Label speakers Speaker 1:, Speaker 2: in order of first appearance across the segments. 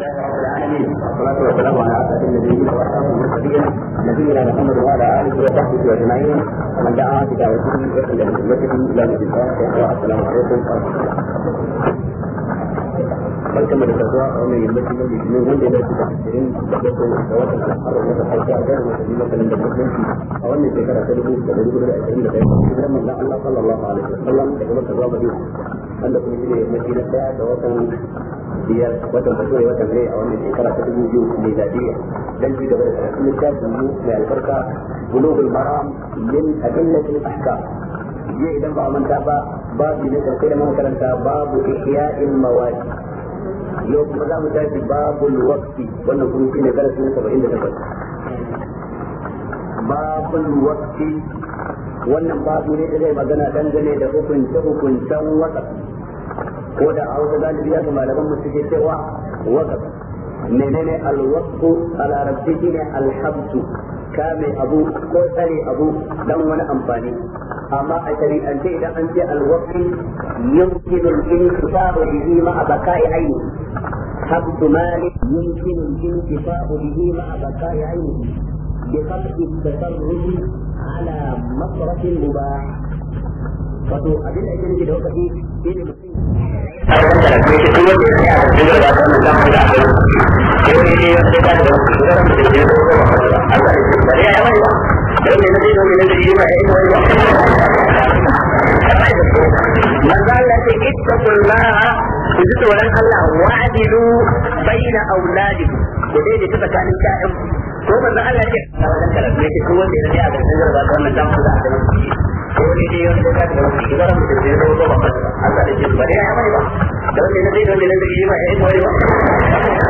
Speaker 1: لله رب العالمين والصلاه والسلام على اسعد محمد وعلى اله وصحبه اجمعين ومن دعا بدعوته واهل بسنته الى مسجد السلام عليكم ورحمه الله kalkama da kasuwa a wannan yammacin na litinin wanda ya dace da ashirin da bakwai da watan al'adar wata hausa a jihar musulmi masanin da musulunci a wannan shekara ta dubu da dubu da ashirin da ɗaya hijiran manzon Allah sallallahu alaihi wasallam da kuma kasuwa madina wanda kuma shi ne yammacin na ɗaya da watan biyar watan bakwai watan rai a wannan shekara ta dubu biyu miladiyya dan ci gaba da karatun littafin mu mai albarka bulugul maram min adillatil ahkam jiya idan ba a manta ba babu ne karkai da makaranta babu ihya'il mawadi yau kuma za mu tafi babu waqti wannan kuma shi ne darasin saba'in da takwas babu waqti wannan babu ne da magana dangane da hukunce hukuncen wasa ko da a wata galibi ya ga malaman mu suke cewa wasa menene alwaqtu a larabci shine alhabsu kame abu ko tsare abu dan wani amfani amma a shari'ance idan an ce alwaqti yumkinu ya intifau bihi ma'a baka'i ayni حبس مال يمكن الانتفاع به مع بقاء عينه بخلق التفرج على مصرف مباح wato
Speaker 2: abin da ake da wakati shi ne وإن نزيده من الذي ما يعلمه
Speaker 1: ما زال لك اتقوا الله وجدت ولن الله واعدلوا بين أولادكم وليه تبقى عن الكائن ko ba za Allah ce a wajen karatu yake ko wanda ya ne a garin zara ba wannan dan kula da shi ko ne dai wanda ka da shi zara mu da zai zo ba Allah da shi ba dai ya mai ba dan ne dai dole ne da shi ma ya yi ba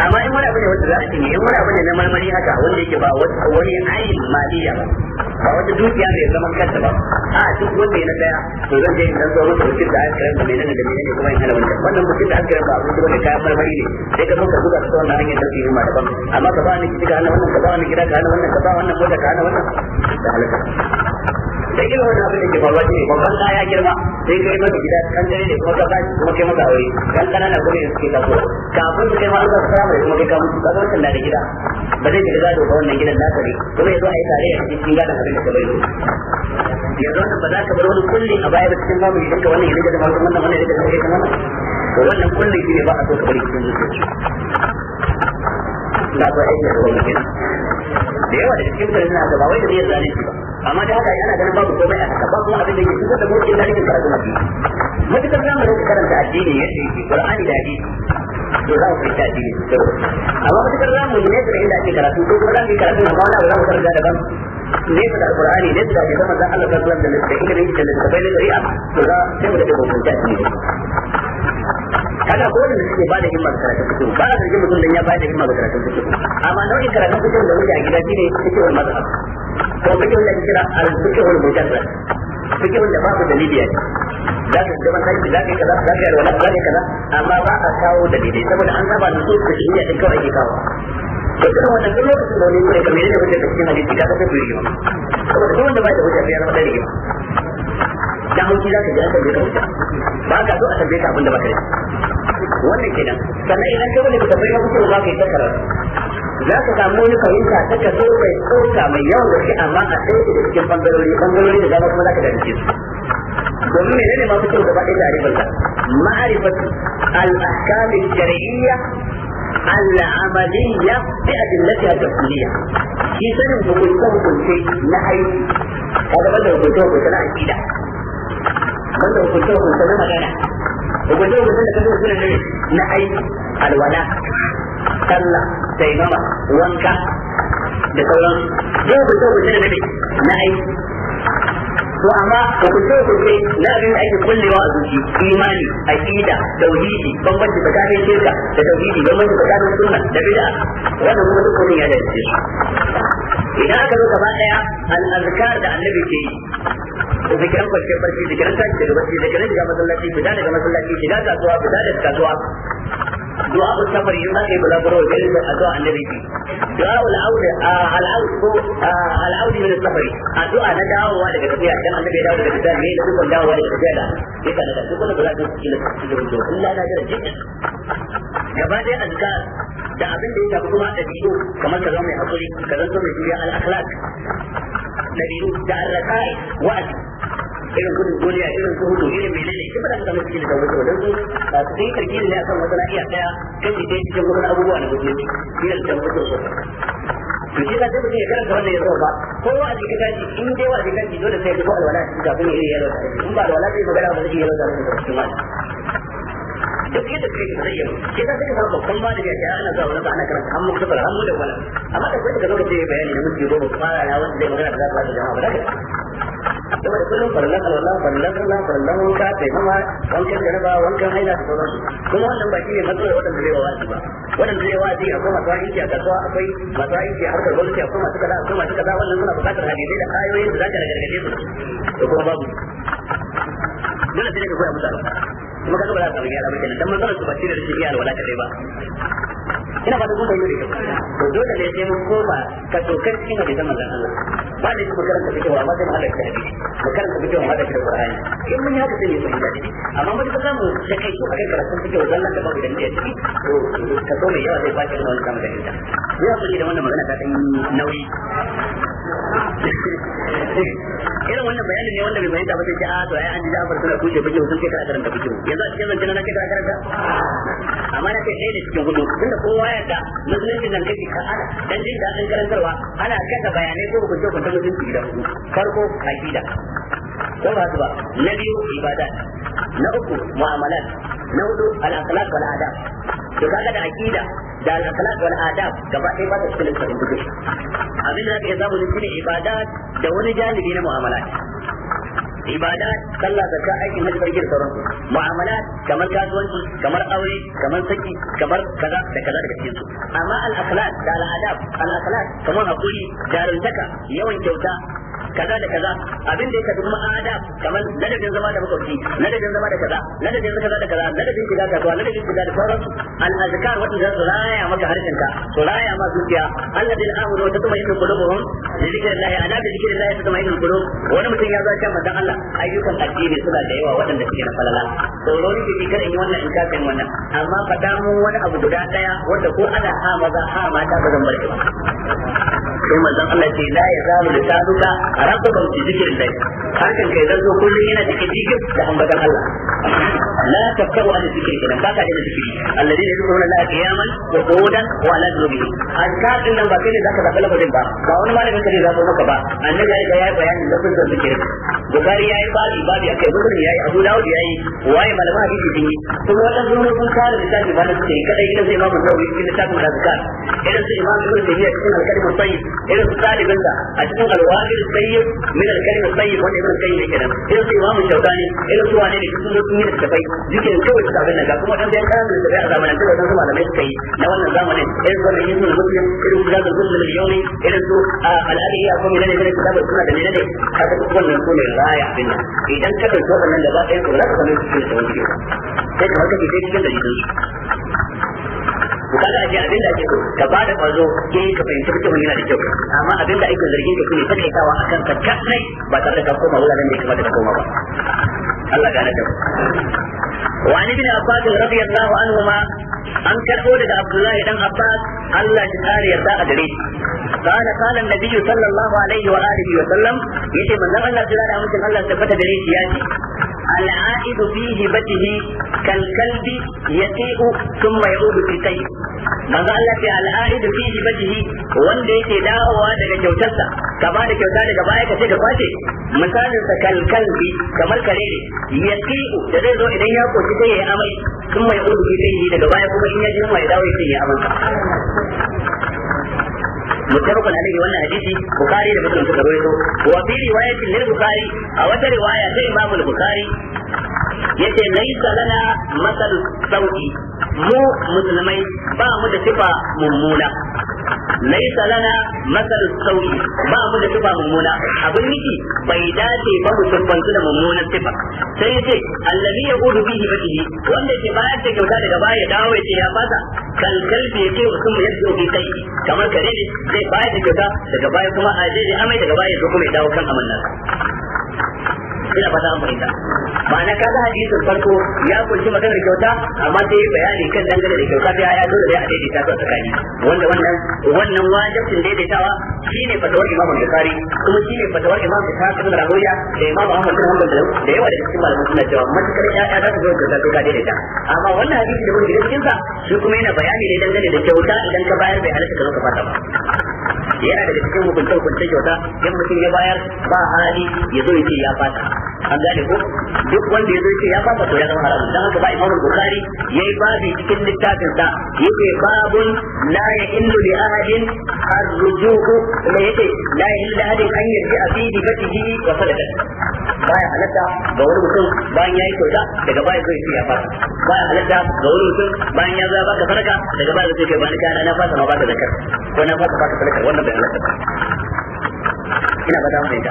Speaker 1: amma in wani abin da wanda za a cinye in wani abin da na marmari haka wanda yake ba wani ayin maliya ba ba wata dukiya mai zaman kanta ba a duk wanda ya na daya to zan je in dan zo wata mutum da aka kiran da menene da menene kuma in hana wannan wannan mutum da aka kiran ba abin da wani kayan marmari ne sai ka zuka zuka buga su wannan hanyar tafi yi ma daban amma ka ba ni ka hana wannan ka ba ni gida ka hana wannan ka ba wannan mota ka hana wannan da halaka sai irin wannan abin da ke faruwa ne babban da girma sai kai gida kan dare ne kuma kuma kai aure kan kanana kuma kafin su kai ma kuma kai ka mutu kaga wannan da gida ba zai wannan gidan naka ne kuma yazo tare a cikin gadon abin da ka bai ba za ka bar wani kulli a baya cikin wannan ya da wannan wannan ya da to wannan kulli a so ka bari cikin zuciya da yawa da cikin mutane na gaba wai da zai ba amma da haka yana ganin babu komai a haka ba kuma abin da yake cikin da mutum da yake karatu mafi matukar zamu rinka karanta addini yadda yake qur'ani da hadisi to za mu fita addini da kyau amma matukar zamu ne da inda ake karatu ko kuma zamu karatu amma wani abu zamu karanta daban nesa da alqur'ani nesa da hadisan manzon Allah sallallahu alaihi wasallam da ilimin da da bai da shari'a to za mu da hukunci addini kaga ko wanda suke ba da himma ga karatun fiqh ba da zargin mutum dan ya ba da himma ga karatun fiqh amma nau'in karatun fiqh da muke a gida shine fiqh wal mazhab to fiqh wanda ake kira al fiqh wal mujarrad fiqh wanda babu dalili ya za ka zama sai za ka kaza za ka yi wala ka kaza amma ba a kawo dalili saboda an saba da su ku shi ne kawai ake kawo to duk wannan duk lokacin da wani kure kamar yadda kuke cikin hadisi ka kafa kuri ma saboda kuma wanda ba da hujja ya zama dalili da hauki za ka ji aka je ka ba ka a tambaye ka abin da baka yi wannan kenan sannan idan ka wani ka bai na kusa za yi takara za ka samu wani fahimta ta ka so mai tsoka mai yawan gaske amma a ɗaya da cikin bangarori bangarori da dama kuma za ka dace su domin ne ne ma kusa gaba ɗaya da arifarsa ma'arifatu al-ahkam al-shar'iyya العملية بأدلتها التفصيلية في سنة بكلكم كل شيء نهي هذا بدأ بكلكم كل عقيدة بدأ بكلكم كل مغانا hukunce hukuncen da kasu suna ne na aiki alwala talla, sai gama wanka da sauran duk hukunce hukuncen da ne na aiki to amma ku ku hukunce na abin aiki ake kullewa a zuci imani aqida tauhidi bambanci tsakanin shirka da tauhidi bambanci tsakanin sunna da bid'a wannan kuma duk wani ya dace idan aka zo gaba daya al-azkar da annabi ke yi da zikiran kwanciyar barci zikiran tashi daga barci zikiran shiga masallaci fita daga masallaci shiga kasuwa fita daga kasuwa du'a ul safar in aka yi bulaguro irin da addu'a annabi ki du'a ul aud al aud ko al aud min safar addu'a na dawowa daga tafiya dan annabi ya dawo daga tafiya ne da kuma dawowa daga tafiya da yake da duk wanda ba za su ci da su illa jira jiddan gaba dai azkar da abin da ya shafi kuma dabi'u kamar ka zama mai hakuri ka zama mai juriya al akhlaq da al raqai irin gudun duniya irin kuhudu irin menene duk da ta suke da dawo to dan su ba su yi tarkiri ne akan wata na'iya daya kashi ɗaya cikin wani abubuwa na musulunci irin da mutum so to shi ka sai mutum ya karanta wannan ya zo ba ko wa a jikin kaji in dai wa a jikin dole sai ya zo alwala shi kafin ya iya yalwata in ba alwala zai magana ba zai iya yalwata da cikin mata duk yadda kai ka zai yi shi ka sai ka samu babban ba da ya ana zuwa wani ba ana karanta an muka fara an mu wala amma da kai ka zo ce bayani na mutum ya zo ba fara na wanda zai magana da za ka ba jama'a ba da game da kullum farallan alwala farallan sallah farallan wanka taimama wankan jaraba wankan haila da sauransu kuma wannan ba ne matsalar waɗanda zai wa'azi ba waɗanda zai wa'azi akwai masu aiki a kasuwa akwai masu aiki a harkar gwamnati akwai masu kaza akwai masu kaza wannan suna buƙatar hadisai da ayoyin da za ka gargaje su da kuma babu dole sai ka koya musu kuma ka ba za ka samu gyara ba kenan dan manzon su ba shi da shi alwala kadai ba ina ba da kun bayyana da to dole ne sai mun koma ka dokar cikin hadisan manzon Allah ba da kuma karanta fitowa amma sai mu hada ka hadisi mu karanta fitowa mu da Qur'ani in mun haka sai mu fahimta amma mun ka mu da kai ko kai karatun fitowa dan Allah da babu dan da ciki to ka so ne yawa zai ba ka da wani kamar da ita yau kuke da wannan magana ta dan nauyi irin wannan bayanin ne wanda bai fahimta ba sai ce a ah, to ai an ji Ja'far suna kushe fiki sun ce kana karanta fiki yanzu a cikin zancen na ce kana karanta amma na ce ɗaya ne cikin hudu tunda kowa ya da musulunci nan kashi ka ana dan jin daɗin karantarwa ana kasa bayanai ko hukunce hukunce musulunci da hudu farko aqida ko ba su ba na biyu ibada na uku mu'amalat na hudu al-akhlaq wal adab to kaga da aqida da al-akhlaq wal adab gaba ɗaya ba ta cikin littafin abin da zaka samu shine ibada da wani jalibi na mu'amala. ibada sallah ka aikin hajji da sauran Mu'amala kamar kasuwanci kamar aure kamar saki kamar kaza da kaza daga cikin su amma al akhlaq da al adab al akhlaq kamar hakuri jarumtaka yawan kyauta kaza da kaza abin da ya kaza kuma ada kamar ladabin zama da makwabci ladabin zama da kaza ladabin kaza da kaza ladabin da kaza ladabin kaza da sauran al-azkar wanda za su raya maka harshen ka su raya ma zuciya alladhi al-amru wa tatma'innu qulubuhum da dhikrillahi ala bi dhikrillahi tatma'innu qulub wani mutum ya zo kan manzon Allah ayyukan addini suna da yawa waɗanda suke na falala to ne ke kada in wannan in kafin wannan amma fada mun wani abu guda daya wanda ko ana ha maza ha mata ba zan barke ba sai manzon Allah ce la ya zalu da tabuka rabbukum bi zikrin dai hakan kai zan zo kullun yana cikin zikir da Allah la an zikri kana baka da zikri wa wa din nan ba kai ne zaka zaka lafazin ba ba wani malamin kare maka ba annabi ya yi zikri yayi babi akai yayi abu dawud yayi waye malama hadisi din kuma wannan kare misali ba da suke kadai ina sai ba mu da zakar irin su imam ibn taymiya cikin al tayyib irin su talibin sa a cikin al-wahid tayyib min al tayyib wanda ibn taymiya kenan irin su imam shawkani irin su wane ne cikin wasu yin da bai yake kawai da abin nan ga kuma dan da kan da bai a zamanin da wasu malamai suka yi na wannan zamanin irin su wannan yin muslim irin su da muslim yawmi irin su al ya kuma ne ne kitabul sunna da ne ne kaga wannan sunan raya abin nan idan ka dauki wannan da ba yi ko za ka samu cikin da sai ka cikin da to kaga ake abin da ake so ka ba da kwazo ke ka fahimci fitin yana da kyau amma abin da ake zargin ka kuma kake kawa akan ka kadai ba tare da ka koma wuraren da ya kamata ka koma ba Allah gane da وعن ابن عباس رضي الله عنهما أن كربون عبد الله بن عباس الله تعالى يرضى أدري قال قال النبي صلى الله عليه وآله وسلم يتي من لم الله تعالى أمسك الله سبت أدري سياتي العائد في هبته كالكلب يسيء ثم يعود في سيء manzo Allah ce al'aidu fi ibadihi wanda yake dawowa daga kyautarsa ka ba da kyauta daga baya ka ce ka kwace misalin sa kalkalbi kamar kare ne yati'u da zai zo idan ya koki sai ya amai sun mai udu sai yi daga baya kuma in ya ji mai dawo sai ya amai da عليه وانا حديثي بخاري لمسلم سكرويته وفي رواية للبخاري أو رواية الإمام البخاري yace laisa salana masal sauki mu musulmai ba mu da sifa mummuna laisa salana masal sauki ba mu da sifa mummuna abin miki bai dace ba mu siffantu da mummunan sifa sai yace allazi yaqudu bihi fatihi wanda ke bayar da kyauta daga baya ya dawo yace ya fasa kan kalbi yake mutum ya zo bi kai kamar kare ne zai bayar da kyauta daga baya kuma a je amai daga baya ya zo kuma ya dawo kan amannan. ina ba za mu rinda ma'ana ka ga hadisin farko ya kunshi maganar kyauta amma sai bayani kan dangane da kyauta sai ya dole dai a daidaita su tsakani wanda wannan wannan wajibin daidaitawa shine fatawar imamu Bukhari kuma shine fatawar imamu Bukhari da Rawiya da Imam Ahmad bin Hanbal da yawa da cikin malamai suna cewa matakar ya'ya za su zo kyauta sai daidaita amma wannan hadisi da wani cikin sa shi kuma yana bayani ne dangane da kyauta idan ka bayar bai halaka ka fata ba yana daga cikin hukunce hukunce kyauta yan mutum ya bayar ba hali ya zo ya ce ya fata an gane ko duk wanda ya zo ce ya fafa to ya zama haramun dan haka ba imamu bukhari yayi babi cikin littafin sa yake babun la ya illu li ahadin arrujuhu kuma yake la ya illu li ahadin an yarji abi bi batihi wa sadaka baya halatta ga wani mutum bayan yayi kyauta daga baya zai ce ya fafa baya halatta ga wani mutum bayan ya zaba ka sadaka daga baya zai ce ba ni kana na fasa ma ba ta zakar ko na fasa ba ta sadaka wannan bai halatta ina ba ta mai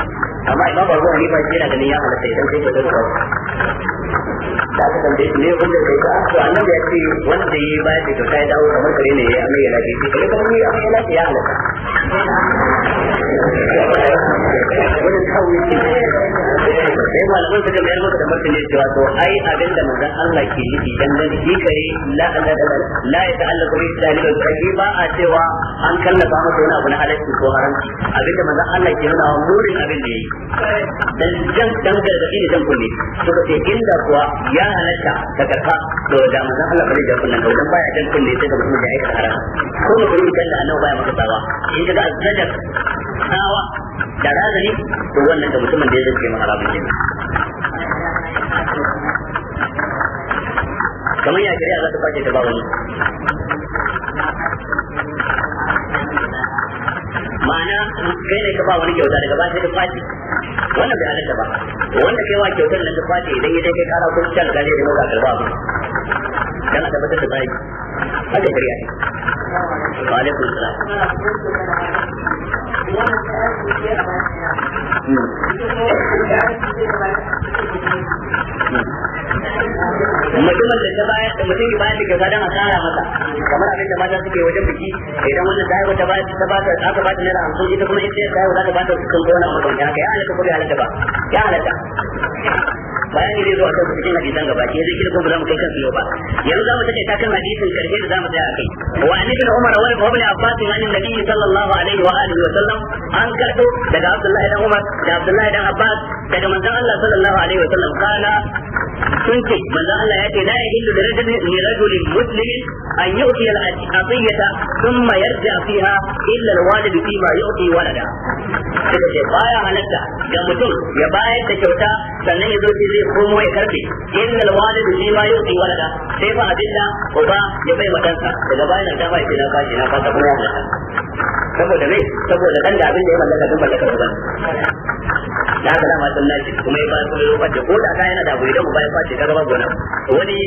Speaker 1: amma imam abu hanifa shi yana ganin ya halatta idan kai ba zaka da aka tambaye shi ne wanda kai ka to annabi ya ce wanda yi ba da kyauta ya dawo kamar kare ne ya amai ya lafiya kai kamar ni amai ya lafiya ya halatta wani kawo sai malaman suka mayar maka da martani cewa to ai abin da manzon Allah ke yi idan dan shi kare la la ta'allaqu bi al ba a cewa an kallafa masa wani abu na halalci ko haramci abin da manzon Allah ke nuna murin abin da yi dan dan dan gargadi ne dan kunne to da inda kuwa ya halatta ka karfa to da manzon Allah bare da kullun kaudan baya dan kunne sai ka mutum da ya haram ko mutum da Allah ya maka tsawa in da azzajak tsawa da razali to wannan da mutumin da ya zai kai maharamun kenan kamar ya shari'a za ta ta wani ma'ana kai ne ka ba wani kyauta daga baya ka kwace wannan bai halatta ba wanda kai wa kyautar nan ka kwace idan ya dai kara ko can gane da maka karba ba kana tabbatar da zai haka shari'a ne wa alaikum
Speaker 2: salam mutumin da ta bayar mutum
Speaker 1: bayar da kyauta don a kara masa kamar abin da mata suke wajen biki idan wannan ta haihu ta ba ta ba ta aka ba ta naira hamsin ita kuma ita ta haihu za ta ba ta kusan gona a mutum ya haka ya halatta ko bai halatta ba ya halatta Bayan zai zo a kansu cikin hadisan gaba ke zai kira kuma ba za mu kai kan yau ba yanzu za mu take ta kan hadisin karshe da za mu tsaya kai wa an ibn umar wa ibn abbas wa an nabi sallallahu alaihi wa alihi wa sallam an karbo daga abdullahi dan umar da abdullahi dan abbas daga manzon Allah sallallahu alaihi wa sallam kana sun ce manzo Allah ya ce la yahillu li rajulin li rajulin muslimin an yu'ti al-atiyata thumma yarja fiha illa al-walid fi ma yu'ti walada sai ce baya halatta ga mutum ya bayar da kyauta sannan ya zo shi zai komo ya karbe illa al-walid fi ma yu'ti walada sai fa abinda uba ya bai wa daga bayan da ba shi na ba shi na ba ta kuma saboda ne saboda dan da abin da ya mallaka duk mallakar uba da haka dama sun nashi kuma ya ba su ya kwace ko da kayan da bai da mu bayan kwace kaga babu wannan wani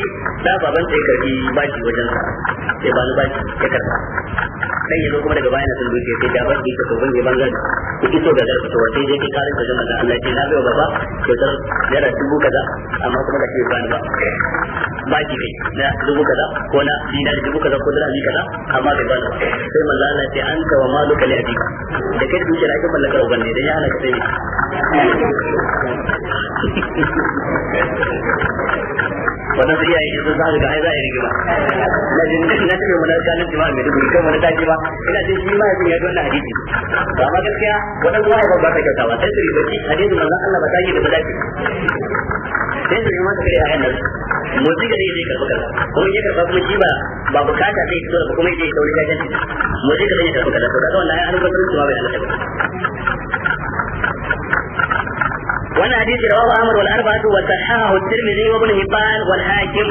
Speaker 1: da baban sai karbi bashi wajen ba ni bashi ya karba dan yazo kuma daga bayan sun duke sai gaban da yake gaban gaban gani yake so ga zarfi to sai dai karin da jama'a Allah ce na bai baba to dan yana dubu kaza amma kuma da shi ba ni ba Ba baki kai na dubu kaza ko na dinar dubu kaza ko dirhami kaza amma bai bani sai manzo Allah ce an ka wa maluka li abika da kai duke da mallaka mallakar ubanne dan ya halaka sai wannan sai iyaye sun sa ga ai za a yi rigima na jin kashi na cikin wani ganin jima'a mai dubu kai wani taki ba ina jin shi ma ya ji wannan hadisi to amma gaskiya wannan zuwa ba ta kyauta ba sai su ribaci hadisin manzo Allah ba ta yi da ba za dace sai su yi masa kare a yanar motsi gare zai karɓi kaza kuma ya karɓa kuma shi ba ba bukata zai fito da kuma zai kauri gajen motsi gare ya karɓi kaza to kaga wannan an rubuta su ba bai halatta ba wannan hadisi rawahu Ahmad wal arba'atu wa sahahahu at-Tirmidhi wa Ibn Hibban wal Hakim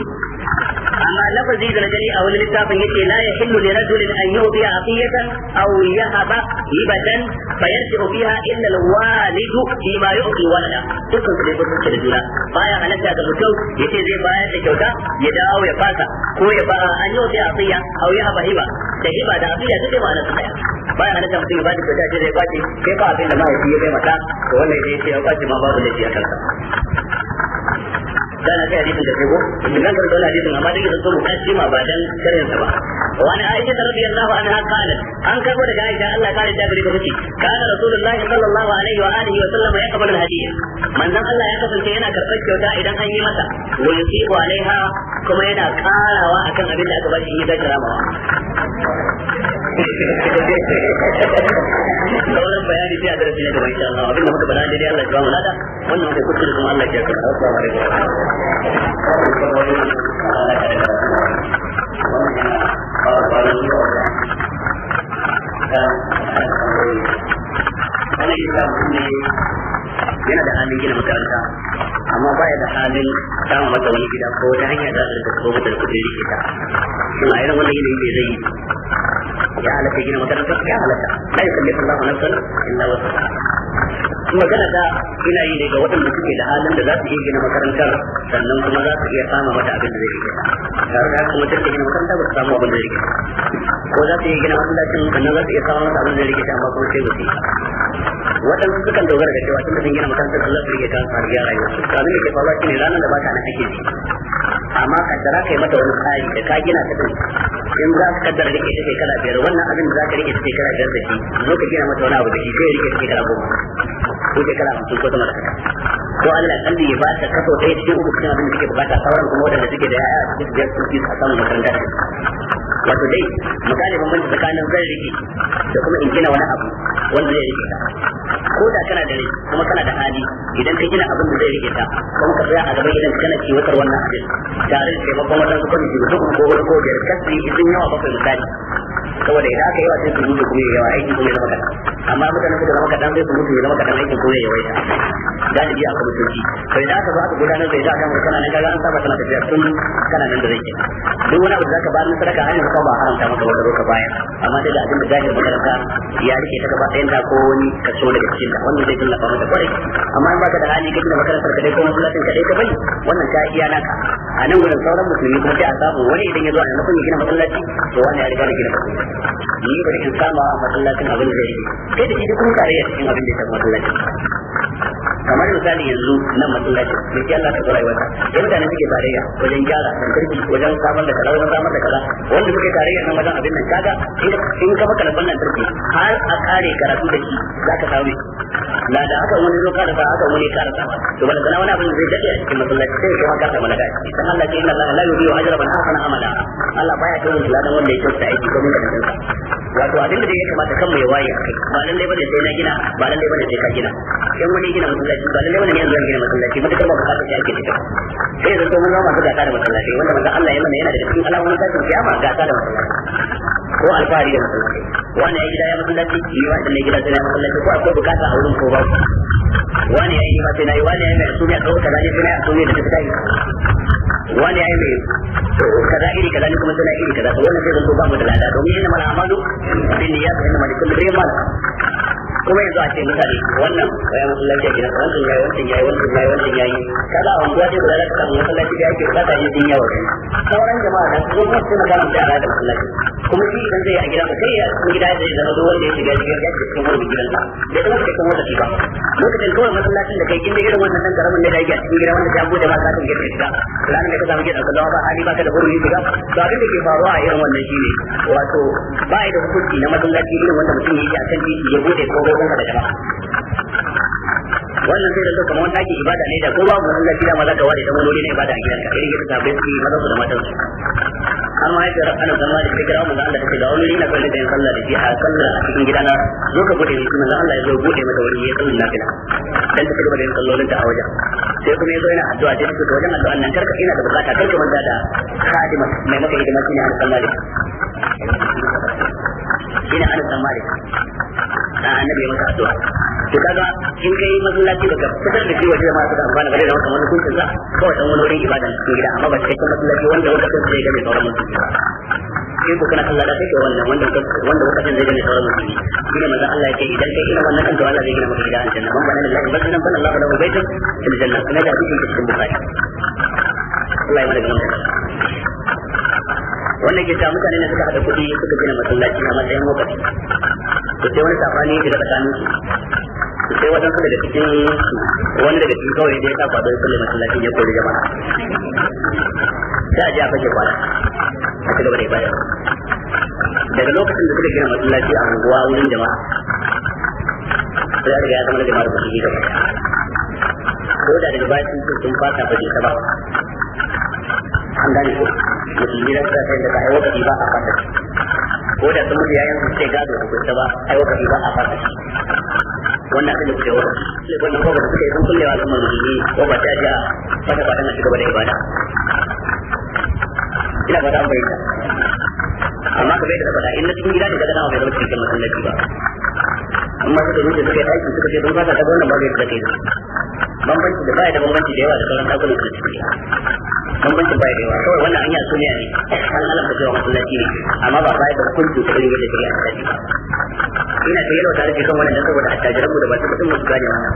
Speaker 1: amma lafazi da gani a wani littafin yace la yahillu li rajulin an yu'ti aqiyatan aw yahaba hibatan fayarji'u biha illa al-walid fi ma yu'ti walada dukkan su dai ba su da juna baya halatta ga mutum yace zai bayar da kyauta ya dawo ya fasa ko ya ba an yu'ti aqiya aw yahaba hiba da hiba da aqiya duk ma na tsaya baya halatta mutum ya ba da kyauta ce zai kwace sai ba abin da mahaifi ya kai mata to wannan dai sai ya kwace ma babu da a kansa kana kai hadisin da shigo nan ga dole hadisin amma dai zan so mu kashi ma ba dan karin sa ba wani aisha radiyallahu anha qalat an karbo daga aisha Allah kare ta gare ka kace kana rasulullah sallallahu alaihi wa alihi wa sallam ya kabul hadiya manzon Allah ya kasance yana karɓar kyauta idan an yi masa wa yusibu alaiha kuma yana karawa akan abin da aka bashi yi da karamawa a darasi na da ba yana da halin gina makaranta amma ba da halin samun mata wani gida ko wata hanya da aka ko da kudin rikita irin wannan yanayi ne zai yi ya halatta gina makaranta ya halatta kai kalli Allahu nafsan illa wasaha magana da ina yi ne ga waɗanda suke da halin da za su iya gina makarantar sannan kuma za su iya samun mata abin da zai rike tare da kuma take gina makaranta ba su samu abin da zai rike ko za su iya gina masallacin sannan za su iya samun mata abin da zai rike amma kuma sai ba su waɗansu sukan dogara da cewa tun da sun gina makarantar da za su rike ta har ya rayuwa su abin da ke faruwa shine ranar da ba ta nan ake ji amma kaddara kai mata wani tsari da ka gina ta in za ka kaddara rike ta shekara biyar wannan abin da za ka rike ta shekara biyar da shi lokaci ka gina mata wani abu da shi sai rike ta shekara goma ko shekara hamsin ko sama da haka ko Allah kan ya ba ta kaso ɗaya cikin uku cikin abin da kake bukata sauran kuma waɗanda suke da yaya su biyar su fi a samun makaranta wato dai misali bambanci tsakanin zai rike da kuma in gina wani abu wanda zai rike ta ko da kana da rai kuma kana da hali idan ka gina abin da zai rike ta kuma ka tsaya a gaban gidan kana wutar wannan abin tare da taimakon wadansu kwamiti da duk ko wani ko biyar kasi idan yawa bakwai misali saboda idan aka yawa sai su da kuma yawa aiki kuma ya zama kaɗan amma mutanen da zama kaɗan zai su mutu ya zama kaɗan aikin kuma ya yawaita galibi a kabutoci bai da aka zo aka gudanar da ita kan kana nan kaga an saba tana tafiya tun kana nan da zai ke duk wani abu da ka bayar na sadaka hanyar ka ba haramta maka wanda zo ka bayar amma dai da abin da zahir makaranta ya rike ta gaba ɗayan ta ko wani kaso daga cikin ta wannan zai tallafa mata kwarai amma in baka da hali ka gina makarantar ka dai ko masallacin ka dai ka bari wannan ta iya naka a nan gurin sauran musulmi kuma sai a samu wani idan ya zo a maimakon ya gina masallaci to wannan ya riga da gina masallaci ni ba da in sama masallacin abin da zai da shi duk a cikin abin da ya tafi kamar misali yanzu nan masallaci mai ke Allah ta zura wata da mutane suke tarayya wajen gyara karfi wajen samar da kaza wajen samar da kaza wanda suke tarayya nan wajen abin nan kaga in ka baka da lantarki har a kare karatu da shi ka samu la da aka wani zo karasa aka wani karasa to bala kana na abin zai dade a cikin masallaci sai kuma karasa mana da shi dan Allah ce inna Allah la yudhi'u ajra man ahsana amala Allah baya kiran ladan wanda yake da aiki kuma da kansa wato abin da ya kamata kan mai waye akai ba lalle bane sai na gina ba lalle bane sai ka gina in wani gina masallaci ba lalle bane ne zan gina masallaci mutakar ba ka ta yake ta sai zan to mun zama masu gata da masallaci wanda manzo Allah ya mana yana da cikin alamomin tashin kiyama gata da masallaci ko alfahari da masallaci wani ya gida ya masallaci yi wa mai gida sai na masallaci ko akwai bukata a wurin ko ba wani ya yi ma sai na yi wani ya yi mai asumi a tsawo kaza ne sai na yi asumi da tafi wani ya yi mai kaza iri kaza ne kuma sai na iri kaza to sai zanto ba mu da lada domin inna mal amalu bin niyyat inna mal kullu bi mal kuma yanzu a ce mutane wannan masallaci a gidan wancan yayi wancan yayi wancan yayi wancan yayi a unguwa dai guda da samu masallaci da yake bukata ne din yawa sauran jama'a da su zo su gana da yara da masallaci kuma shi idan zai a gida ba sai ya cikin gida da zama duk wanda ya shiga cikin gida da cikin wurin gidan ba da kuma cikin wata shiga lokacin kawai masallacin da kai kin da irin wannan dan karamin da yake a cikin gida wanda ya bude ba za ka gida shiga ranar da ka samu gidan ka zama ba hali ba ka da wurin shiga ba abin da ke faruwa a irin wannan shine wato ba da hukunci na masallaci irin wanda mutum yake a kan titi ya bude ko bai kuma da jama'a wannan sai da zo kamar ɗakin ibada ne da ko babu wannan lafiya ma za ware da wani wuri na ibada a gidanka irin yadda ta bai maza su da matansu an ma ce ana zama da shi kira da Allah take ga wani na kwalli da yin sallah da shi a sallah a cikin gidana zo ka bude mutum manzo Allah ya zo bude mata wani ya sallah nafila dan take gaba da yin kallon ta a wajen sai kuma yazo yana addu'a sai ta wajen addu'a nan karka ina da bukata karka manta da khadima mai maka hidima shine an sallah da shi shine an sallah da annabi ya maka addu'a to kaga in kai masallaci baka fitar da shi waje jama'a suka amfana bare da kamar kun kaza kawai dan wani wurin ibada cikin gida amma ba kai kuma masallaci wanda wanda kun zai mai sauran musulmi in ku kana sallah da kai wannan wanda wanda kuka zai ga mai sauran musulmi shine manzo Allah ya idan kai ina wannan kan to Allah zai gina maka gida aljanna man bana lillahi masjidan bana Allah lahu baitan fil janna kuma da cikin cikin bukhari Allah ya magana wannan ke sa mutane ne suka hada kuɗi suka gina masallaci a matsayin lokaci to sai wani safani ya shiga tsakanin sai waɗansu daga cikin wani daga cikin kawai da ya sa kwadon kulle masallaci ya kori jama'a sai a ji a fashe kwana a ci gaba da ibada daga lokacin da suka gina masallaci a unguwa wurin jama'a sai daga ya zama da jama'a da kuɗi gaba ko da daga baya sun ce sun fata ba ta ba an gane ko musulmi na suka sai da ka aiwata ba a fata ko da sun mutu yayin su ce gado da kuɗi ba aiwata ba a fata wannan abin da kuke wata wannan ko ba suka yi sun kullewa al'ummar ko ba ta ba fata fatan a cigaba da ibada ina fata an bayyana amma ka bayyana fata in na cikin gida ne daga dama bai zama cikin masallaci ba amma suka rufe suka yi aiki suka ce don fata ta wannan ba zai suka bambanci da baya da bambanci da yawa da sauran ɗakunan da suke bambancin baya da yawa kawai wannan hanya su ne an alamta cewa masallaci ne amma ba baya da hukunci ta irin yadda yi ta ba ina ta yalwa tare da kan wannan a attajiranmu da masu kudin masu gane mana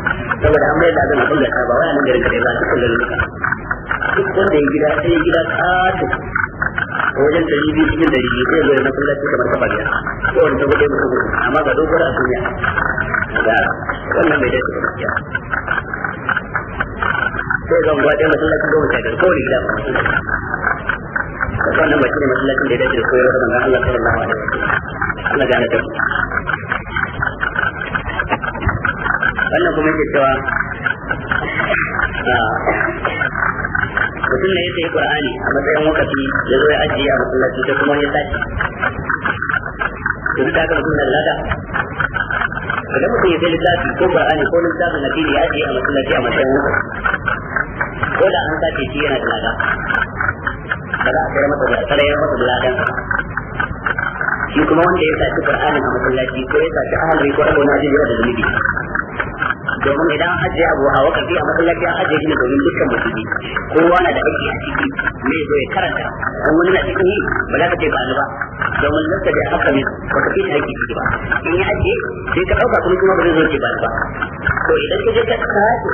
Speaker 1: saboda an bayar da azan abin da ka ba wai garin kare ba a cikin duk wanda ya gida sai ya gida kato wajen dari biyu cikin dari biyu sai ya na kullaci kamar kafa biyar ko wani ta gudai mutum amma ga dogon a duniya da wannan bai gaskiya sai zan ba ɗaya gida wannan ba shi ne da ya dace da koyarwa da Allah sallallahu ta ta Allah ta wannan kuma ke cewa ah, mutum ne ya sayi qur'ani a matsayin wakafi ya zo ya ajiye a masallaci ta kuma ya tashi yanzu ta ga mutum da lada idan mutum ya sai littafi ko qur'ani ko na fili ya ajiye a masallaci a matsayin wakafi ko da an sace shi yana da lada ba za a sayar masa da yawan masa da ladan shi kuma wanda ya sace qur'ani a masallaci ko ya sace ahalari ko abuna jira da zunubi domin idan an ajiye abu a wakafi a masallaci an ajiye shi domin dukkan musulmi kowa na da aiki a ciki mai zo ya karanta don wani na cikin yi ba za ka ce ba ba domin lasta da aka ne wata fi fita aiki ciki ba in yi ajiye sai ka ɗauka kuma kuma ba zai zo ce ba ba
Speaker 2: to idan ka je ka
Speaker 1: sace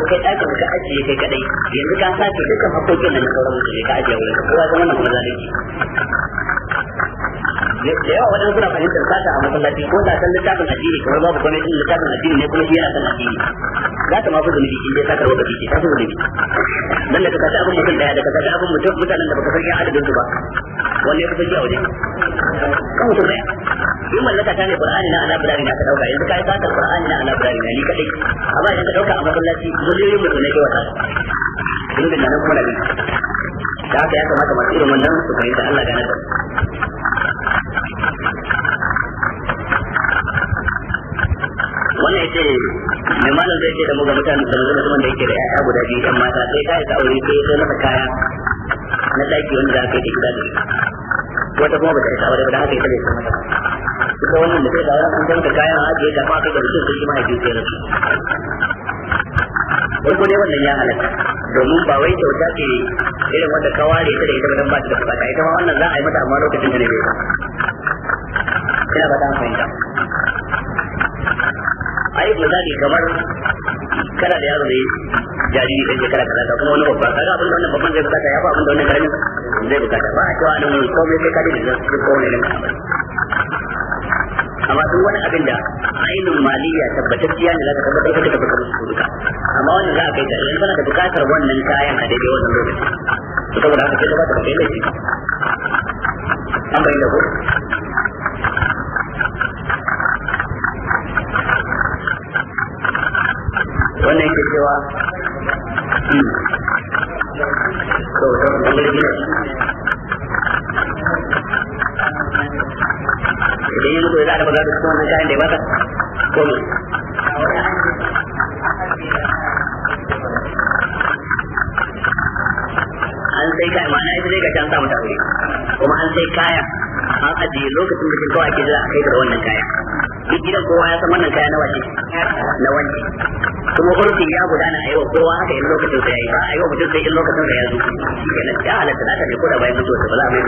Speaker 1: ka kai ɗakin ka ajiye kai kaɗai yanzu ka sace dukkan hakokin da na sauran musulmi ka ajiye wurin ka kowa zama na kuma zalunci da yawa wajen suna fahimtar sata a masallaci ko da san littafin addini kamar babu kuma yin littafin addini ne kuma shi yana san addini za ta mafi zunubi in dai sakar wata fice ta fi zunubi Nan da ka kaci abin mutum daya da ka kaci abin mutum mutanen da baka san ya adadin su ba wanne ka fi a waje kan mutum daya in mallaka ta ne qur'ani na ala birani na ka dauka yanzu kai sata qur'ani na ala birani na ni kadai amma idan ka dauka a masallaci zuriyoyin mutum ne ke wata da nan kuma da da haka ya kamata masu irin wannan su fahimta Allah gane da wannan yace me malam zai ce da mu ga mutanen da zama zaman da yake da ƴaƴa guda biyu kan mata sai ta isa aure sai sai masa kaya na daki wanda za ka yi gida da wata kuma bata isa aure ba da haka ita bai san mata ita wannan da sai da wannan dan da kayan ajiye da fa ka da mutum shi ma ya ji sai rasu farko dai wannan ya halatta domin ba wai kyauta ce irin wanda ka ware ta da ita dan ba ta da bukata ita ma wannan za a yi mata amma lokacin da ne bai ina ba ta fahimta ai misali kamar kana da yaro ne jariri dan shekara kaza kuma wani babba kaga abin da wannan babban zai bukata ya ba abin da wannan karamin zai bukata ba a cewa nan komai sai ka dinga ko komai ne amma duk wani abin da ainihin maliya tabbatacciya ne za ka tabbatar ka tabbatar su duka amma wannan za a kai yanzu kana da bukatar wannan kayan a daidai wannan lokaci saboda haka sai ka ba ta
Speaker 2: kai laifi an bayyana ko wannan yake cewa idan yanzu wannan da ya
Speaker 1: an sai kaya ma'ana ita zai gaci an samu tauri kuma an sai kaya an ajiye lokacin da kawai ake jira a kai da wannan kaya duk gidan kowa ya san wannan kaya na wace na wance kuma hurufi ya gudana a yau kowa haka in lokacin sa yayi ba a yau mutum sai in lokacin da ya zo kenan da halatta da ne ko da bayan mutuwa ba za a mai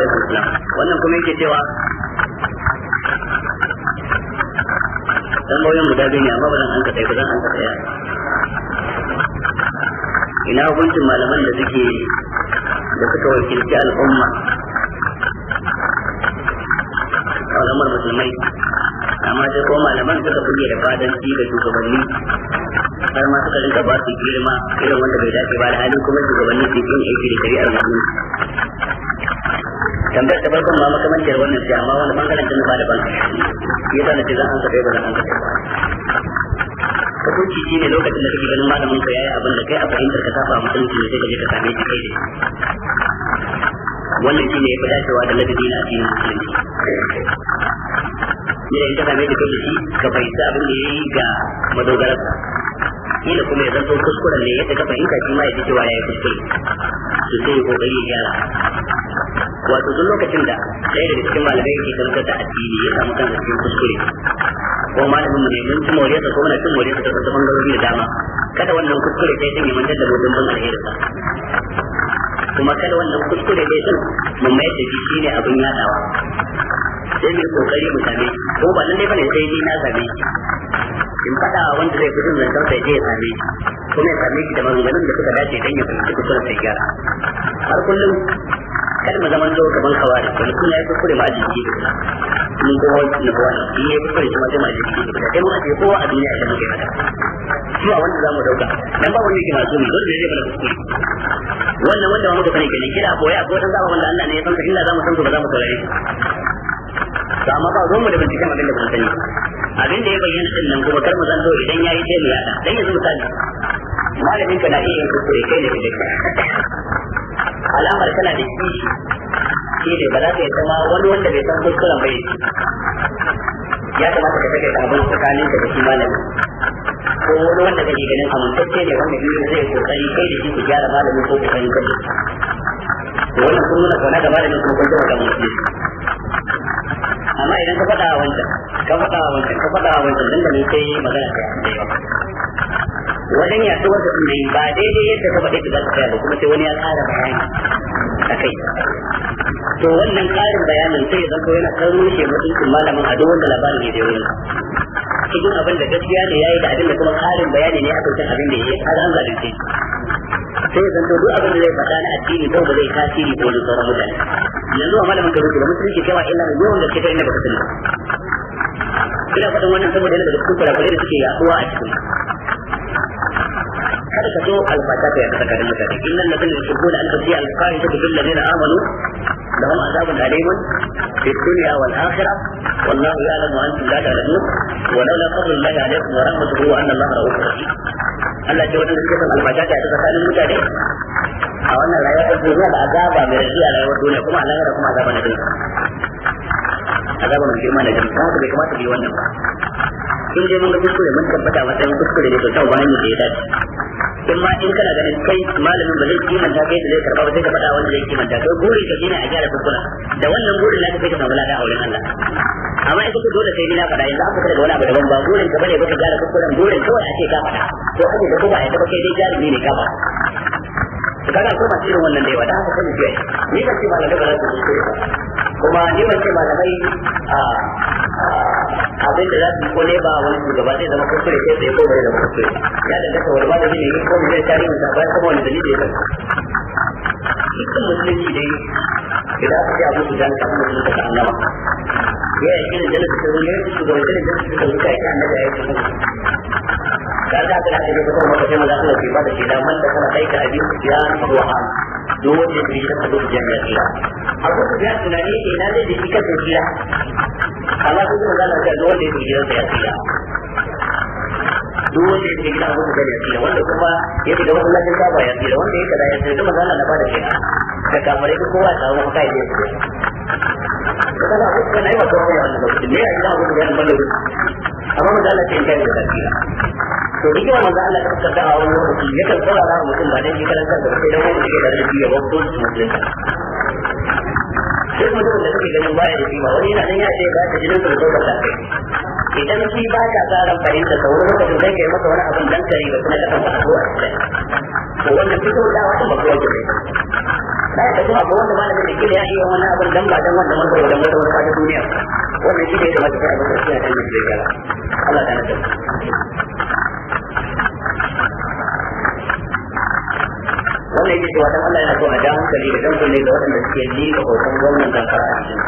Speaker 1: mutum sun gaba wannan kuma yake cewa dan lauyan guda biyu ne amma ba zan hanka ɗaya ba zan hanka ɗaya ina hukuncin malaman da suke da suka wakilci al'umma al'ummar musulmai amma sai ko malaman suka buge da fadanci ga shugabanni har ma suka rinka ba su girma irin wanda bai dace ba da halin kuma shugabanni su yin aiki da shari'ar musulunci tambayar ta farkon ma makamantar wannan shi amma wani bangaren tun ba ban ya sa na ce zan hanka ɗaya ba zan hanka ɗaya hukunci shi ne lokacin da kake ganin malamin ka yayi abin da kai a fahimtar ka saba musulunci ne sai ka je ka same shi kai ne wannan shi ne ya fi dacewa da ladabi na addinin ne ta ka same shi kai da shi ka fahimci abin da ya yi ga madogararsa kila kuma ya zanto kuskuren ne yadda ka fahimta shi ma ya ji cewa ya yi kuskure to sai ya kokari ya gyara wato duk lokacin da ɗaya daga cikin malamai yake karkar da addini ya samu kan cikin kuskure ko malamin mu ne mun ci moriyar ko muna cin moriyar ta ta bangarori da dama kada wannan kuskure sai din yi mantar da mu dimbin alheri kuma kada wannan kuskure sai din mun mai da shi ne abin yadawa sai mai kokari mu same ko ba lalle bane sai ni na same in fada wanda zai fitin mai da ya same kuma ya same shi da maganganun da suka dace don ya fahimci kusurar sai gyara har kullum kada mu zaman zuwa kaman kawai da kuma kuma ya yi kuskure ma jiki mun kuma wani na kuma shi ya yi kuskure kuma ma sai ma kuma da kai muka ce kowa a duniya idan muka yi haka shi ba wanda za mu dauka dan ba wanda yake masu ne dole ne zai mana kuskure wannan wanda ma muka sani kenan kira boye a godan zaba wanda Allah ne ya san illa za mu san ba za mu saurare to amma ba ruwan mu da binciken abin da mun sani abin da ya bayyana din nan kuma kar mu zanto idan yayi sai mu yada dan yanzu misali malamin ka na iya yin kuskure kai ne kake al'amar kana da kishi shi ne ba za ka yi sama wani wanda bai san kuskuren bai ya kamata ka take abin tsakanin ka da shi malamin ko wani wanda kake ganin amintacce ne wanda in zai kokari kai da shi ku gyara malamin ko ku fahimtar da shi wannan kun nuna kauna da malamin kuma kun taimaka musu amma idan ka faɗa a wancan ka faɗa a wancan ka faɗa a wancan dan da ne sai magana ta yawa wajen yaɗu wata sun yi ba daidai yadda ka faɗi za ta tsaya ba kuma sai wani ya ƙara bayani a kai to wannan ƙarin bayanin sai ya zanto yana karnushe mutuncin malamin a duk wanda labarin ya je cikin abin da gaskiya ne yayi da abin da kuma ƙarin bayani ne a kan abin da yi har an zalunce sai ya zanto duk abin da zai faɗa na addini ko ba zai tasiri ko wani sauran mutane yanzu amma da maka rubuta da musulunci cewa illa mai yawan da suka inda baka sani ina faɗin wannan saboda yana daga cikin kurakurai da suke yaduwa a cikin kada ka so alfata ta yaka tsakanin mutane innal ladina yuhibbuna an tasiya alfahishatu bil ladina amanu lahum azabun alimun في الدنيا والآخرة والله يعلم وأنتم لا تعلمون ولولا فضل الله عليكم ورحمته وأن الله رؤوف رحيم Allah ce waɗanda suke son albasha ta yadda tsakanin mutane wannan rayuwar duniya da azaba mai rashi a rayuwar duniya kuma Allah ya kuma azaba na duniya azaba mai girma da girma kuma bai kamata bai wannan ba in dai mun ga kuskure mun tabbata matsayin kuskure ne to ta wani da ya dace in ma in kana ganin kai malamin ba zai kimanta kai da zai karba ba sai ka faɗa wanda zai kimanta kai gori ka gina a gyara kuskura da wannan gurin na kai ka samu lada a wurin Allah amma in kace dole sai ni na faɗa yanzu an fita daga wani abu daban ba gurin ka bane ba ka gyara kuskuren gurin kawai a ce ka faɗa to kaje da kuma a yaba kai dai jarumi ne ka faɗa kaga ko ba irin wannan da yawa da haka kai ce ni ba ce malamai ba za su ce kuma ni ba ce malamai a abin da za su ko ne ba wani shugaba zai zama kuskure sai sai ko bai zama kuskure ya danganta wani ba da ne ko mu zai tarihin da bayan kuma wani dalili ya kai
Speaker 2: cikin musulunci dai idan
Speaker 1: aka ce abu jan kafin mutum ta annaba ya yi shi ne jalisa ta zuwa ya yi shi jalisa ta zuwa ya yi annabi ya yi ka ga ka da ake fitar maka maza Allah ke bada shaida man da kana aika abin ya wa ha dole ne ki shaka duk jami'a ku tunani ina ne da kika ce kira amma duk maza Allah ka dole ne ki shaka ya kira duk wanda yake gida abin ya tsira wanda kuma ya shiga masallacin saba ya wanda ya ya tsira duk maza Allah na da kamar yadda kowa ya samu kai ne kada ku kana yi wa kowa wannan lokacin ne ya yi da abin da amma maza kai da to duk yawan manzo Allah ta tsaka a wani lokaci yakan saurara wa mutum ba dan shi karanta kansa sai dan wani shi da rufi ya wato shi mutum sai mutum da kake ganin baya da kima wani yana nan ya ce ba ta jinin sulhu ba ta idan shi ba ka tsaran fahimta ta wani lokacin zai kai masa wani abin dan tare ba kuma da kansa a zuwa to wannan fito da wata ba ko wajen da ya tafi abu wanda malamin da kila ya iya wani abin dan ba dan wanda wanda wanda wanda wata duniya wannan shi ne da mata ta abin da shi ne da Allah ta
Speaker 2: nasa
Speaker 1: wannan yake cewa dan Allah yana so a ja hankali da dangun ne da waɗanda suke liƙa hoton gwamnan kankara a cikin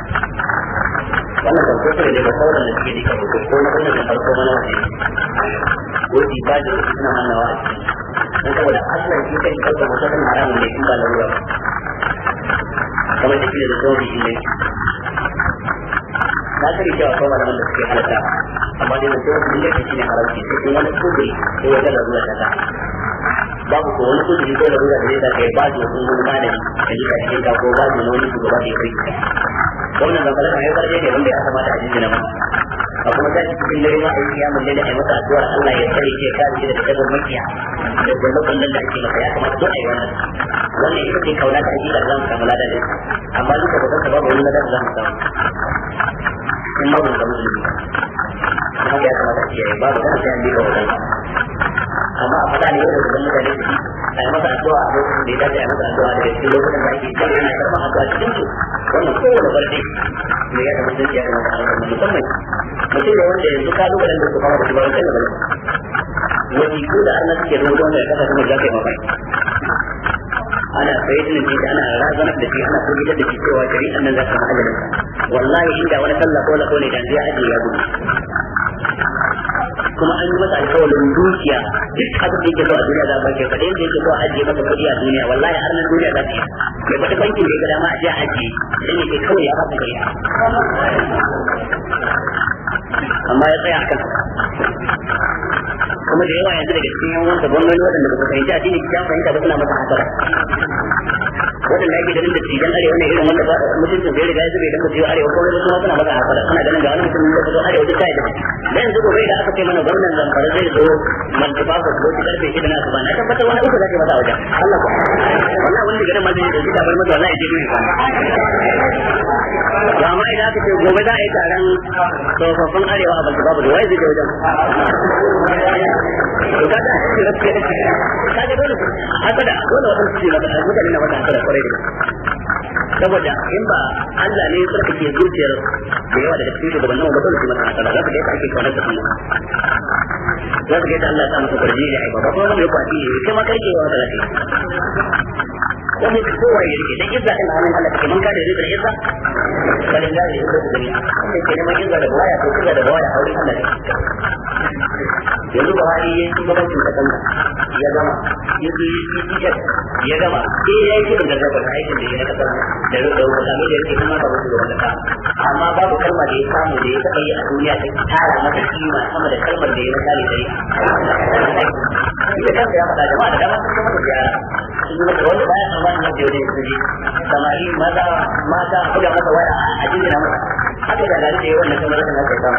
Speaker 1: wannan kan ko sai daga sauran da suke liƙa hoton ko na gwamnan kankara mana wani ko ba da suna hannawa a cikin don saboda asalin shi kan masu hoton haramun ne in ba larura kamar da shi da shi ne. na sani cewa kuma da wanda suke halatta amma dai mutum da yake shi ne haramci sai kuma wani kuri ko wata larura ta ta babu ko wani kudi ko da wani da kai ba da wani mun gane da yi kashin ka ko ba da wani su gaba da kai wannan da kallon ayyuka ne da wanda ya kamata a jinjina masa a kuma ta cikin dare ma a yi kiyamun da ai masa zuwa Allah ya tsare shi ya kare shi daga shagon makiya da gobe kallon da ake masa ya kamata duk a yi wannan wannan ita ce kauna ta ajiyar zan mu samu lada ne amma duka da kanka babu wani lada za samu in babu da musulmi haka ya kamata a kiyaye babu da sai an bi ka wadanda amma a faɗa ne wanda zan mutane su a yi masa addu'a a lokacin da ya dace a masa addu'a da cikin lokacin da ake kai yana karɓar addu'a cikin su wannan kowane barci ne ya kamata ya kamata a wannan musamman mutum da wanda yanzu kalubalen da su fara da su kai da bari wani ko da Allah suke rubuta wanda ya kasa kuma za ka yi mafai ana fayyadin da ana razanar da shi ana firgitar da shi cewa shari'an nan za ta ma'ajalin wallahi inda wani sallah ko lako ne da ya ajiye ya gudu kuma an yi masa alƙawarin dukiya duk abin da yake so a duniya za a bashi ɗaya da yake so a ajiye masa kuɗi a duniya wallahi har na duniya za ta yi da wata bankin da ya gada ma a je ajiye sai yake kawai ya fasa kai amma ya tsaya kan kuma da yawa yanzu daga cikin yawan sabon wani waɗanda ba su a addini ya fahimta ba suna masa hasara waɗanda ake ganin da cikin arewa ne irin wanda ba mutuncin bai riga ya zube don ba su arewa kawai ba suna masa hasara suna ganin ga wani mutum da zo arewa duk ta yi da dan yanzu gobe da aka ce mana gwamnan zamfara zai zo mantuba ko ko karfe wani uku zai wajen Allah ko wallahi gidan ma zai wallahi yi ba ma idan aka ce gobe za a yi taron tsofaffin arewa a mantuba wai zai wajen dole dole wannan
Speaker 2: mutane
Speaker 1: na wata da saboda in ba Allah ne ya tsarkake zuciyar da yawa daga cikin shugabannin wanda dole su masa hasara za ka ga ake kaunar da hannu za ka ga Allah ya masa gurbi ne ai ne kai ma kowa ya rike dan izza Allah rike da izza ya rike da sai kai izza da da aure Allah yanzu ba ya gama ya je ya gama eh ya yi kudin da zaba da aikin da ya na da da da yake kuma ba su da wata ka amma babu kalma da ya samu da ya taɓa yi a duniya da ta tara masa kima sama da kalmar da ya na kare dai ita kanta ya faɗa jama'a da dama sun kuma da yara wanda baya tsammanin mafi yau da ya suji samari maza mata buga masa waya a jirgin masa haka da gari da yawan kamar da na kai sama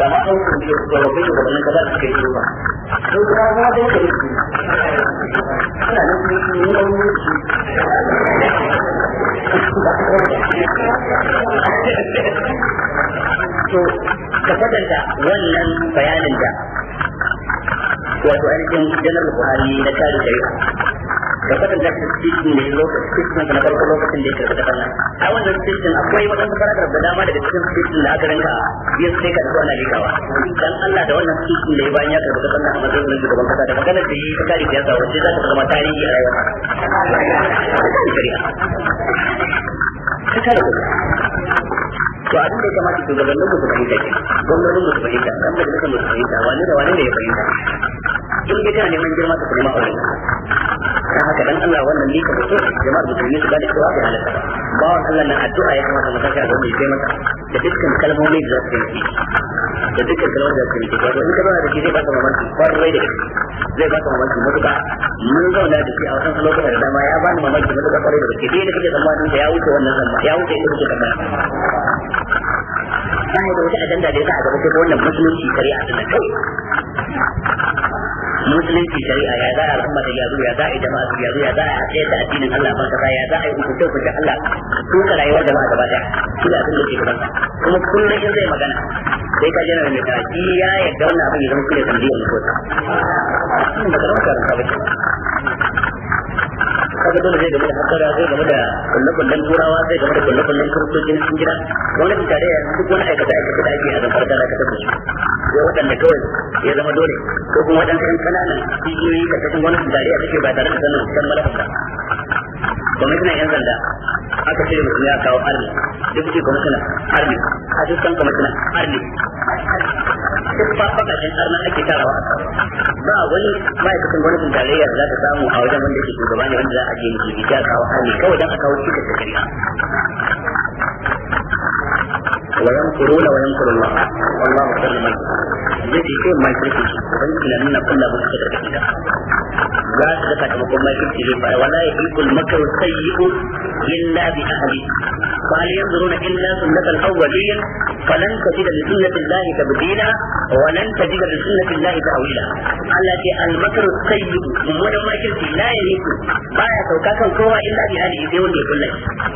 Speaker 1: da ma'aikun da ya kuka wajen da wani gaba da suka ba
Speaker 2: sai kuma na ka fadanta
Speaker 1: wannan bayanin da wato ainihin janar buhari na tarihi da fadin da kristi ne lokacin kristi na lokacin da ya karɓi a wannan kristi akwai waɗansu paragraf da dama daga cikin kristi da aka ranka yin sai ka zuwa na kawa. dan Allah da wannan kristi da bayan ya karɓi da a matsayin wani shugaban kasa da maganar da yi ta da yasa wacce za
Speaker 2: ta zama tarihi a rayuwa ta kare to abin da ya
Speaker 1: kamata shugabannin mu su fahimta ke gwamnatin su fahimta dan da duka su fahimta wani da wani ne ya fahimta in ga kana neman girma ka kuma aure dan haka dan Allah wannan ne ka so jama'ar musulmi su gane cewa bai halaka ba wa Allah na addu'a ya kamata mu tashi zo gaban sai mata da dukkan kalmomi da za su yi da dukkan kalmomi da za su yi ba in ka zauna da shi zai baka mamaki kwarai da zai baka mamaki mutuka mun zauna da shi a wasan lokacin da dama ya ba ni mamaki matuƙa kwarai da gaske dai da kake tsammanin da ya wuce wannan zamba ya wuce ita kake tsammani ba da wata ajanda da ya sa a gaba sai wannan musulunci kare a cikin kai musulunci shari'a ya za a al'umma da gyaru ya za a jama'a ta ya za a tsayar da addinin Allah ba ta ya za a yi hukunce da Allah ka rayuwar da ba daya shi da abin da kuma kullum in zai magana sai ka jana mai karatu ya yadda wannan abin ya zama kule sanadiyar mutuwa ba ka rauka ba kaga dole zai game da hakara zai game da kullakullan turawa zai game da kullakullan kiristocin cikin gida wani tare duk wani aikata aikata da ake a zamfar da aka ya waɗanda kawai ya zama dole ko kuma waɗansu ƴan ƙananan kungiyoyi karkashin gwamnatin a take ba tare da sanin san malafarka kwamishinan ƴan sanda aka ce mutum ya kawo arni deputy commissioner arni assistant commissioner arni duk ba bakashin arna ake tarawa ba wani ma'aikatan gwamnatin tarayya za ta samu a wajen wanda yake shugaba ne wanda za a je ne ya kawo arni kawai don a kawo cikin da shari'a wayan وينكر الله والله خير من zai ce mai kirki shi ban na nuna kullu ba kada da ida ga da ka ta kuma kirki ne fa wala ya yi kul makar sayyi'u illa bi ahli fa al yanzuruna illa sunnat al awwaliyyah falan tajida li sunnati llahi tabdila wa lan tajida li sunnati llahi ta'wila allati al makar sayyi'u mun ma kirki la ya ku ba ya sauka kan kowa illa bi ahli sai wanda ya kullu sai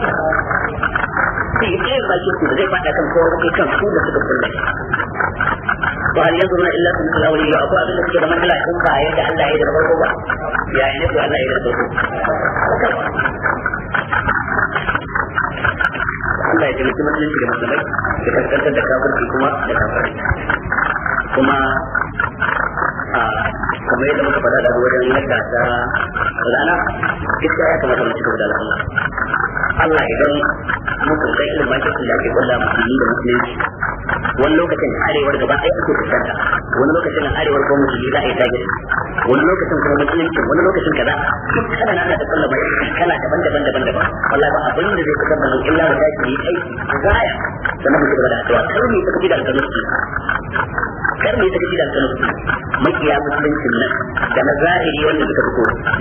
Speaker 1: ya ba kirki zai fada kan kowa kai kan ku da suka kullu shi wa hal yanzuruna illa sun kal awliya ko abin da suke da ba Allah ya da farko ba ya Allah ya da farko Allah ya ji mutum da kaskantar da kafirci kuma da kafirci kuma kamar yadda muka da wajen yadda ta rana gaskiya ya kamata mu cika da Allah Allah idan mun kai irin da ake musulmi da musulunci wani lokacin arewar gaba ɗaya ake fuskanta wani lokacin arewar ko musulmi za a yi tajiri wani lokacin kuma musulunci wani lokacin kaza duk kana nana da sallama kana daban daban daban daban wallahi ba abin da zai kusa da mu illa da zaki yi aiki zaya sannan mu ci da addu'a kar mu yi sakaci da alƙalusti kar mu yi sakaci da alƙalusti makiya musuluncin nan da na zahiri wanda suka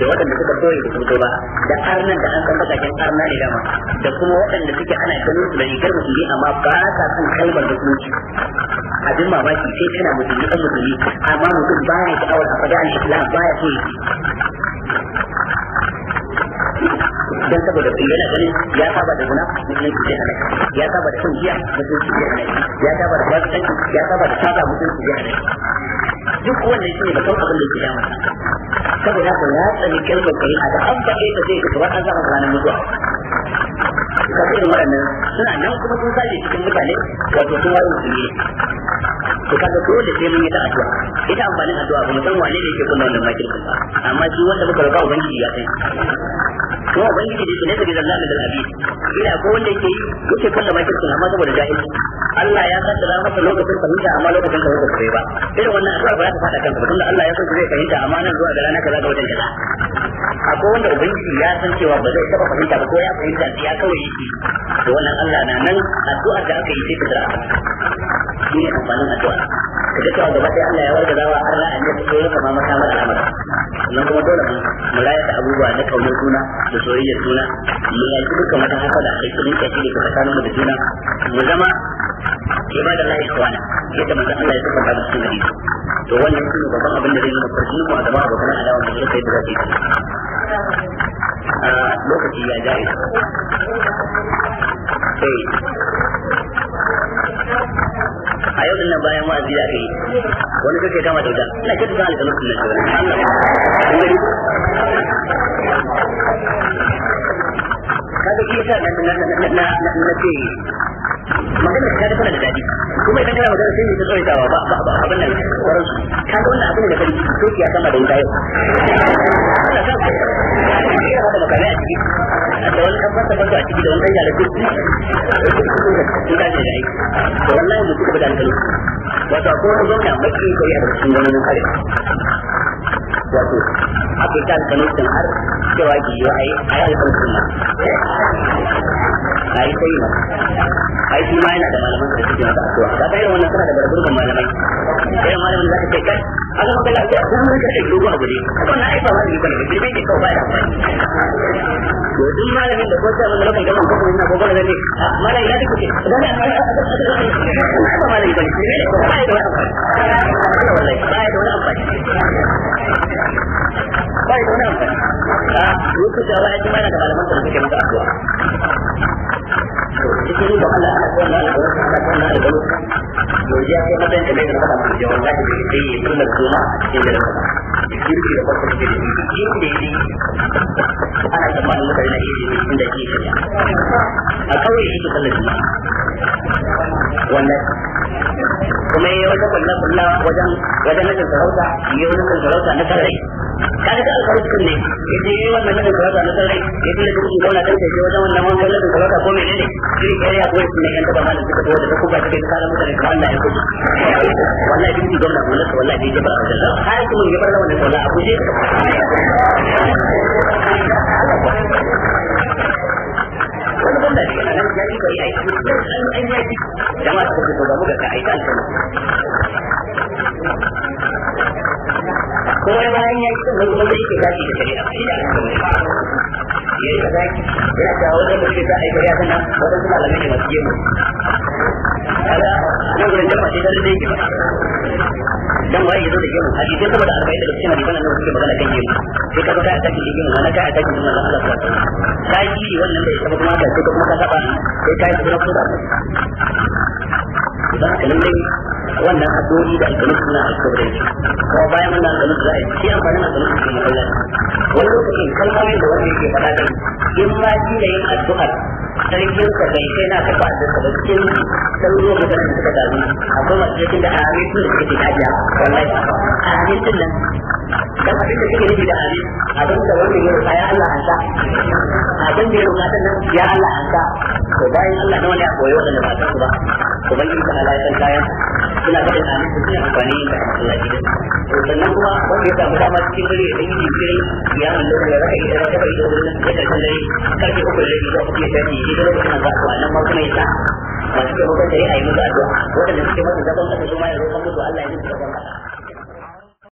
Speaker 1: fito da waɗanda suka fito da fito ba da arnan da an san bakakin arna ne dama da kuma waɗanda suke ana ganin su da rigar musulmi amma ba sa son kalmar musulunci abin mamaki sai kana musulmi ɗan musulmi amma mutum ba ya sha'awar a faɗa al-islam ba ya so dan saboda kun yana ganin ya saba da guna musulunci zai halaka ya saba da kan giya musulunci zai halaka ya saba da wasu ya saba da saba musulunci zai halaka duk wannan shi ne ba san abin da yake mata saboda haka ya tsani kalmar kai a da an faɗe ta zai gaba wata zama ranar mutuwa ka irin waɗannan suna nan kuma sun sake cikin mutane wato sun wani musulmi to kaga dole sai mun yi ta addu'a ita amfanin addu'a ba mu san wane ne ke kuma wannan makin ba amma shi wanda muka roƙa ubangiji ya san kuma ubangiji ne yake ne da zalla da abi ina ko wanda yake yake kunna makin amma saboda jahilci Allah ya san da maka lokacin fahimta amma lokacin kaza bai ba irin wannan addu'a ba za ta fada kanka ba tunda Allah ya san zai fahimta amma nan zuwa ga ranar kaza ga wajen kaza akwai wanda ubangiji ya san cewa ba zai taba fahimta ba ko ya fahimta ya kawai yake to wannan Allah na nan zuwa da aka yi sai ta zara shi ne amfanin addu'a ka ga cewa gaba sai Allah ya warga zawa har ra'a ne ta ya kama makamar al'amar sannan kuma dole mu raya da abubuwa na kaunar suna da soyayyar suna mu yaki dukkan wata haka da kai tsirin kashi da tsakanin da juna mu zama ibada Allah ya kawana yadda manzo Allah ya kafa da cikin to wannan shine babban abin da zai yi farki mu a gaba abokan adawa da suka da zai a ah, lokaci ya jari eh a yau nan bayan wa'azi da kai wani kake kama da na kike da alƙalin sunan Allah kaga shi sa na na na na na ce magana ka ga tana da dadi kuma idan kana magana sai ta tsawaitawa ba ba abin nan sauran ka ga wannan abin da kai to ya sama da wuta yau a
Speaker 2: ciki
Speaker 1: da wani kan fasa fasa a ciki da wani dan yare kurki to da ne dai wallahi mutum ka da wato ko wani gwamna maki kai a cikin wani kare wato ake kan kanin har cewa ki yi a yi alƙalƙalma a yi sai ai shi ma yana da malaman da suke masa addu'a ka ga irin wannan suna da barburkan malamai irin malamin da kake kai Allah maka da addu'a kuma ka ce dogo abu ne to na aifa wani ne ne bai ke kawai da to duk malamin da ko mun lokacin gaban ko ina ko bana ne malai ya dike da na
Speaker 2: ba malai ba ne bai da wani bai da wani amfani bai da wani amfani
Speaker 1: a lokacin da ya ji da malaman da suke masa addu'a cikin ana kuma yi wata kulla-kulla wajen wajen nufin sarauta yi sarauta na kaga da alƙawarin kun ne yace yayi eh, wannan ladan sarauta na sarai yace da dukkan kauna da sai wajen wannan wannan da sarauta ko menene ne shi kai ya koyi sunan yan da malam suka da kuma suka kare mutane ka Allah ya kuji wallahi din gwamnati wallahi wallahi din jabar da har kuma jabar da wannan sallah abu je
Speaker 2: wani banda ne yana nan ya ji bai yi jama'a suka fito ga muka ka aika alƙawarin akwai wani bayan ya ci wani kuma zai ke tashi da shari'a shi da aka yi yayi ka zai yana da wani da ke sai shari'a kana wani kuma
Speaker 1: malamai ne masu yemu ala nan gurin jama'a sai da zai ke dan wai yazo da yemu haji sai saboda 40 daga cikin hadisan nan suke magana kan yemu sai ka ga ta cikin yemu wannan ta ta cikin manzon Allah sallallahu alaihi wasallam kai shi wannan bai saba kuma ka ce kuma ka saba sai kai su na kusa da haka lallai wannan addu'o'i da alƙalin suna alƙalin kuma bayan wannan sanin da ai shi amfanin sanin da kuma Allah wani lokacin kalmomin da wanda yake faɗa da in ma shi da yin addu'a sarkin ka bai kai na ka ba da sarkin sauro da kan suka dalu akwai masu yakin da amin da suke dajiya wallahi amin nan dan abin da suke da amin abin da wani ya ya Allah an abin da ya rufa nan ya Allah an to bayan Allah nawa ne a koyi waɗanda ba ba ubangiji ta kayan suna faɗin amin suna amfani da Allah gidan sannan kuma wanda ya samu dama cikin dare da yi jinkiri ya mun da ya raka idan ka bai da wurin da kan dare karfe uku da rabi ko uku da rabi idan lokacin za ku ma kuma ya sa masu
Speaker 2: taimakon dare a yi musu addu'a wanda suke musu zaban kasa su ma ya roƙa musu Allah ya musu zaban